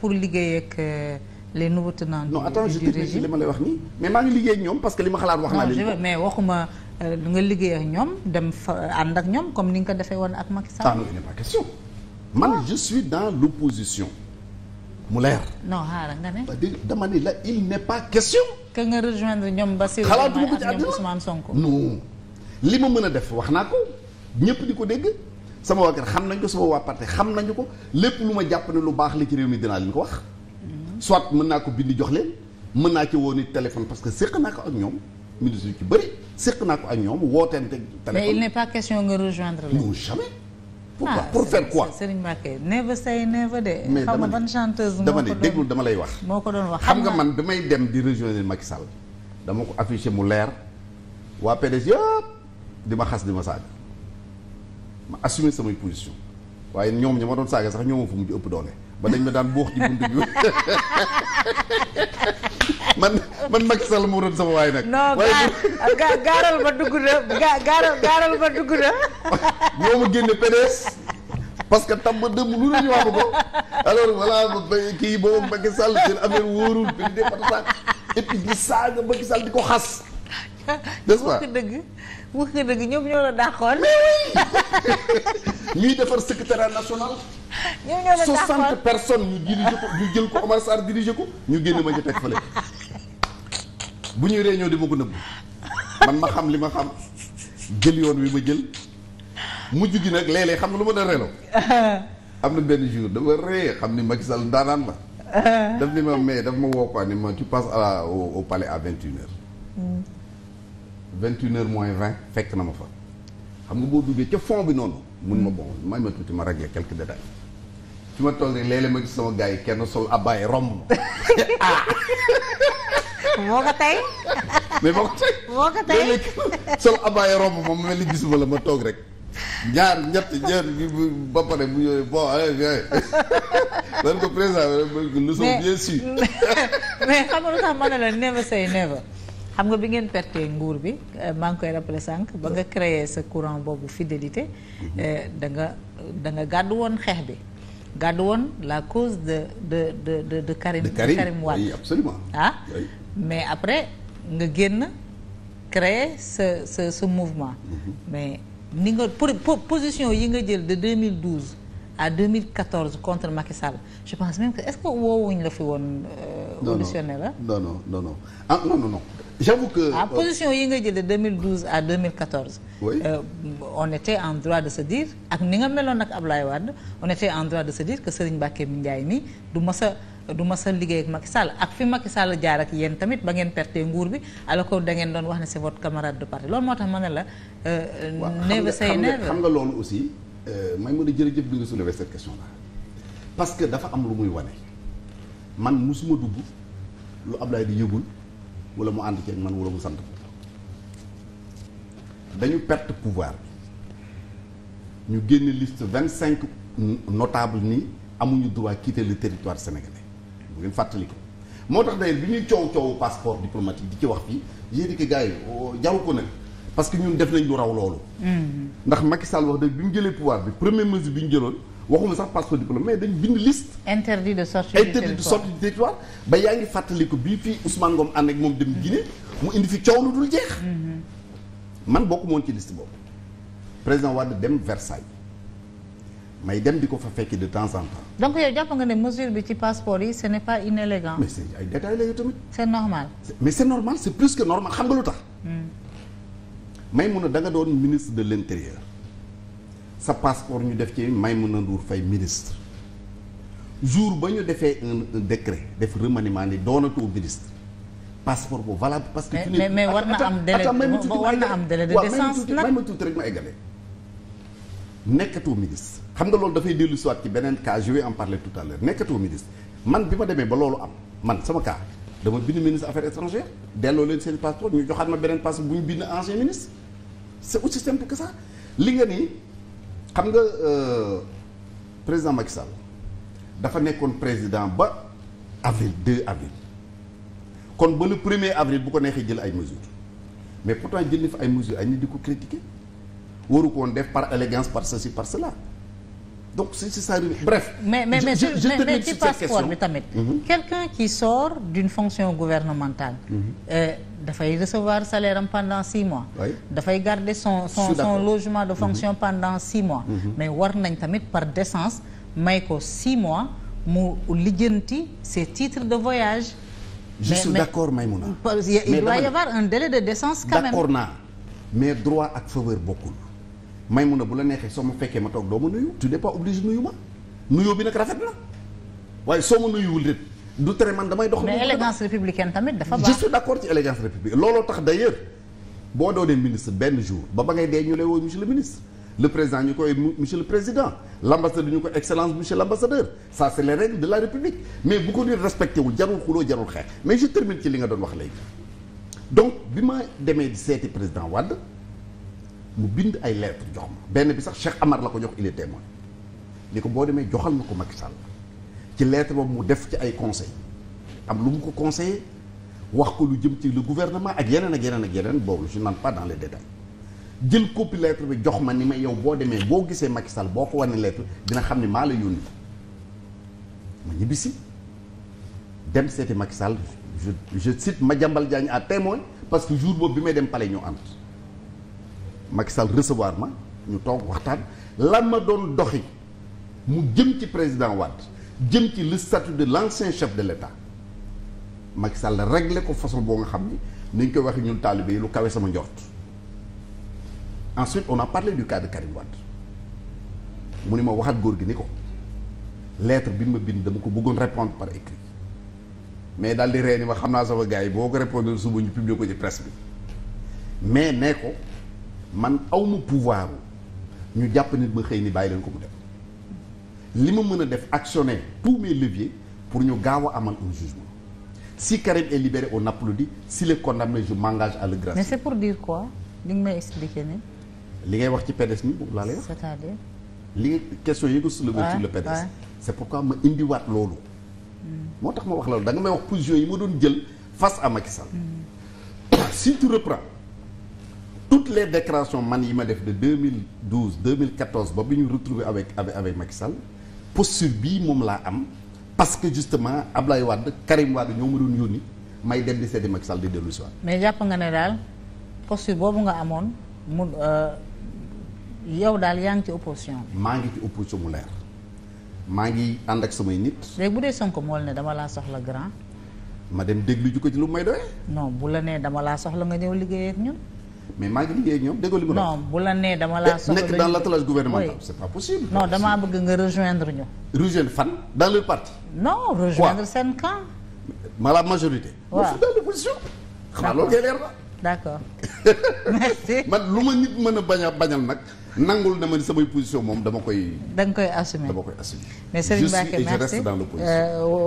pour liggéey ak euh, les nouveaux tenants. non attends je te li ma lay wax nii mais maa ngi liggéey ak ñoom parce que li ma xalaat wax naa leen. non mais waxuma euh, nga liggéey ak ñoom dem fa euh, ànd ak ñoom comme ni nga ko defee woon ak Macky Sall. non il n'est pas question. man je suis dans l'opposition mu leer. non xaaral nga ne. dama ne la il n'est pas question. que nga rejoindre ñoom Bassirou Diomaye ak ñoom Ousmane Sonko. non li ma mën a def wax naa ko ñëpp di ko dégg. sama waa kër xam nañ ko sama waa parti xam nañu ko lépp lu ma jàpp ne lu baax la ci réew mi dinaa leen ko wax. soit mën naa ko bind jox leen mën naa ci woon nit téléphone parce que séq naa ko ak ñoom ministre yu ci bëri séq naa ko ak ñoom wooteente téléphone. mais il n'est pas question nga rejoindre leen. non jamais. pourquoi ah, pour faire quoi Serigne Mbacké never say never de. dama déglu dama lay wax. moo ko doon wax xam nga man bi may dem di rejoindre Macky Sall dama ko affiché mu leer waa PDS yëpp di ma xas di ma saaga. ma assumer samay position waaye ñoom ña ma doon saaga sax ñoom fu mujj ëpp doole ba dañ ma daan buux ci buntu bi man man Macky Sall moo sama waay nag. non gaa gaaral ma dugg na gaaral ma dugg na. ñoo génne PDS parce que tam ba dëmb lu ñu wax ko alors voilà kii boobu Macky Sall seen affaire wóorul bi di def et di ko xas. n'est-ce pas dëgg wax nga dëgg ñoom ñoo la dàqoon. ñuy defar secrétariat national. ñoom personnes ñu dirigé ko ñu jël ko Omar Sarr dirigé ko ñu génne ma ñu teg fële. bu ñuy réunion di ma nëbbu man ma xam li ma xam jël yoon wi ma jël mujj gi nag léeg-léeg xam nga lu ma doon reeloo. am na benn jour dama ree xam ni Macky Sall daanaan la. daf ni ma mais daf ma woo quoi ni tu passes à au palais à vingt vingt une heures moins vingt fekk na ma fa xam nga boo duggee ca fond bi noonu mun ma mm. bon may ma tuuti ma régler quelques détails fi ma toog rek léeg-léeg ma gis sama gars yi kenn sol abbaye romb ah moo ko tey mais moo romb ma mel ni gisuma la ma toog rek ñaar ñett ñaar ba pare bu ñëwee bon eh, eh. lan ko président nous sommes bien sûr mais xam tax ma la never say never xam nga bi ngeen perte nguur bi euh, maa ngi koy rappelé sànq ba nga créer sa courant boobu fidélité mhm. euh, da nga da nga gàddu woon xeex bi gàdd woon la cause de de de de de Karim de Karim Wade ah? oui, mais après nga génn créer sa sa sa mouvement mhm. mais ni nga pour position yi nga jël de 2012 à 2014 contre Macky Sall je pense même que est-ce que woowuñ la fi la euh, non non non non ah, ah, euh, yi nga jël de 2012 à 2014. oui euh, on était en droit de se dire ak ni nga meloon ak Ablaye Wade on était en droit de se dire que Serigne Mbacké Ndiaye mi du mas a du mas a liggéey ak Macky Sall ak fi ma Macky Sall jaar ak yéen tamit ba ngeen perte nguur bi alors que da ngeen doon wax ne c'est votre camarade de parti loolu moo tax ma ne la. Euh, never say never xam nga loolu aussi. Euh, may mën a jërëjëf bi nga soulever cette question là parce que dafa am lu muy wane man musuma dugg lu Ablaye di yëgul wala mu ànd ceeg man wala mu sant dañu perte pouvoir bi ñu génne list vingt cinq notable ni amuñu droit quitter le territoire sénégalais bu ngeen fàttali ko moo tax d'ailleurs bi ñuy coow coowu passeport diplomatique di ci wax fii yéen i gars oh, jaru ko nag parce que ñun def nañ lu raw loolu. Mm-hmm. ndax Macky Sall wax dëgg bi mu jëlee pouvoir bi première mesure bi ñu jëloon waxuma sax passeport diplôme mais dañ bind liste. interdit de sortie du territoire interdit de sortie du territoire ba yaa ngi fàttali ko bii fii Ousmane Ngom moom dem Guinée mu indi fi coow lu dul jeex. Mm-hmm. man bokk moon ci liste boobu président Wade dem Versailles may dem di ko fa fekki de temps en temps. donc yow jàpp nga ne mesure bi ci passeport yi ce n'est pas que normal xam nga lu tax. Mm. Maïmouna da nga doon ministre de l'intérieur sa passeport ñu def ci Maïmouna Ndour fay ministre jour ba ñu defee un décret def remaniement ni doonatoo ministre passeport boobu valable parce que. mais mais war na am délai war am délai de décence nag may ma tuuti rek ma eggale nekkatoo ministre. xam nga loolu dafay dellu soit ci beneen cas je vais en parler tout à nekkatoo ministre man bi ma demee ba loolu am man sama cas dama bind ministre affaires étrangères delloo leen seen passeport ñu joxaat ma beneen c'est aussi simple que ça li nga ni xam nga euh, président Macky Sall dafa nekkoon président ba avril 2 avril kon ba le premier avril bu ko neexee jël ay mesures mais pourtant jël ni fa ay mesures ay nit di ko critiquer waru ko woon def par élégance par ceci par cela donc c'est ça bref. mais mais mais mais ci passeport bi tamit. quelqu'un qui sort d'une fonction gouvernementale. Mm-hmm. Euh, dafay recevoir salaire am pendant six mois. dafay garder son son son logement de fonction mm-hmm. pendant six mois. Mm-hmm. mais war nañ tamit par décence may ko six mois mu lijjanti ses titres de voyage. je suis d'accord Maïmouna. mais il doit y avoir un délai de décence quand même. droit ak faveur bokkul. may mun a bu la neexee soo ma fekkee ma toog doo ma nuyu tu n'es pas obligé nuyu ma nuyoo bi nag rafet na waaye soo ma nuyuwul rek du tere man damay dox. mais élégance républicaine tamit dafa baax. je suis d' ci élégance républicaine looloo tax d' ailleurs boo doonee ministre benn jour ba ba ngay dee ñu lay woo monsieur le ministre. le président ñu koy monsieur le président l' ambassadeur ñu ko excellence monsieur l' ambassadeur ça c' est les de la république ko nit respecté wul jarul xuloo jarul xeex mais je termine li nga doon wax léegi donc bi ma demee di seeti président Wade. mu bind ay lettre jox ma benn bi sax Cheikh Amar la ko jox il est témoin ni ko boo demee joxal na ko Macky Sall ci lettre boobu mu def ci ay conseil am lu mu ko conseillé wax ko lu jëm ci le gouvernement ak yeneen ak yeneen ak yeneen boobu je n'entre pas dans les jël copie lettre bi jox ma ni ma yow boo demee boo gisee Macky Sall boo ko wane lettre dina xam ne maa la yónni ma ñibbisi dem seeti Macky Sall je je cite Madiambal Diagne à témoin parce que jour boobu bi may dem palais ñoo ànd Macky Sall recevoir ma ñu toog waxtaan lan ma doon doxi mu jëm ci président Wade jëm ci le statut de l' ancien chef de l' état Macky Sall réglé ko façon boo nga xam ni ni ñu koy waxee ñun taalibe yi lu kawe sama njort ensuite on a parlé du cas de Karim Wade mu ni ma waxaat góor gi ni ko lettre bi ma bind dama ko bëggoon répondre par écrit mais daal di ree ni ma xam naa sama gars yi boo ko répondre suba ñu publier ko ci presse bi mais nee ko. man awma pouvoir ñu jàpp nit ma xëy ni bàyyi leen ko mu dem li ma mën a def actionner tout mes leviers pour ñu gaaw a amal un jugement si Karim est libéré on di si le condamné je mangage à le gracier. mais c'est pour dire quoi li nga may expliquer nii. li ngay wax ci PDS mi boobu laa lay wax. c'est-à-dire. li question yi nga soulevé sur le PDS. c'est pourquoi ma indiwaat loolu. Hmm. moo tax ma wax lal da may wax position yi ma doon jël face à Macky Sall. Hmm. si toutes les déclarations man yi ma def de 2012 2014 ba bi ñu retrouvé avec avec avec Macky Sall posture bii moom laa am parce que justement Ablaye Wade Karim Wade ñoo ma doon yónni may dem di seeti Macky di dellu si mais jàpp nga ne daal posture boobu nga amoon mu euh, yow daal yaa ngi ci opposition. maa ngi ci opposition mu leer maa ngi ànd ak samay nit. léegi bu dee Sonko mool ne dama laa soxla grand. ma dem dégluju ko ci lu may doyee. non bu la nee dama laa soxla nga ñëw liggéey ak mais maa ngi liggéey ak ñoom déggoo li mu non bu la nee dama laa soxla nekk dans l'attelage gouvernemental c'est pas possible non damaa bëgg nga rejoindre ñu rejoindre fan dans leur parti non rejoindre seen camp ma la majorité waaw su dans l'opposition xanaa merci man lu ma nit mën a bañ bañal nag nangul na ma ni samay position moom dama koy da koy assumer dama koy assumer mais merci je suis et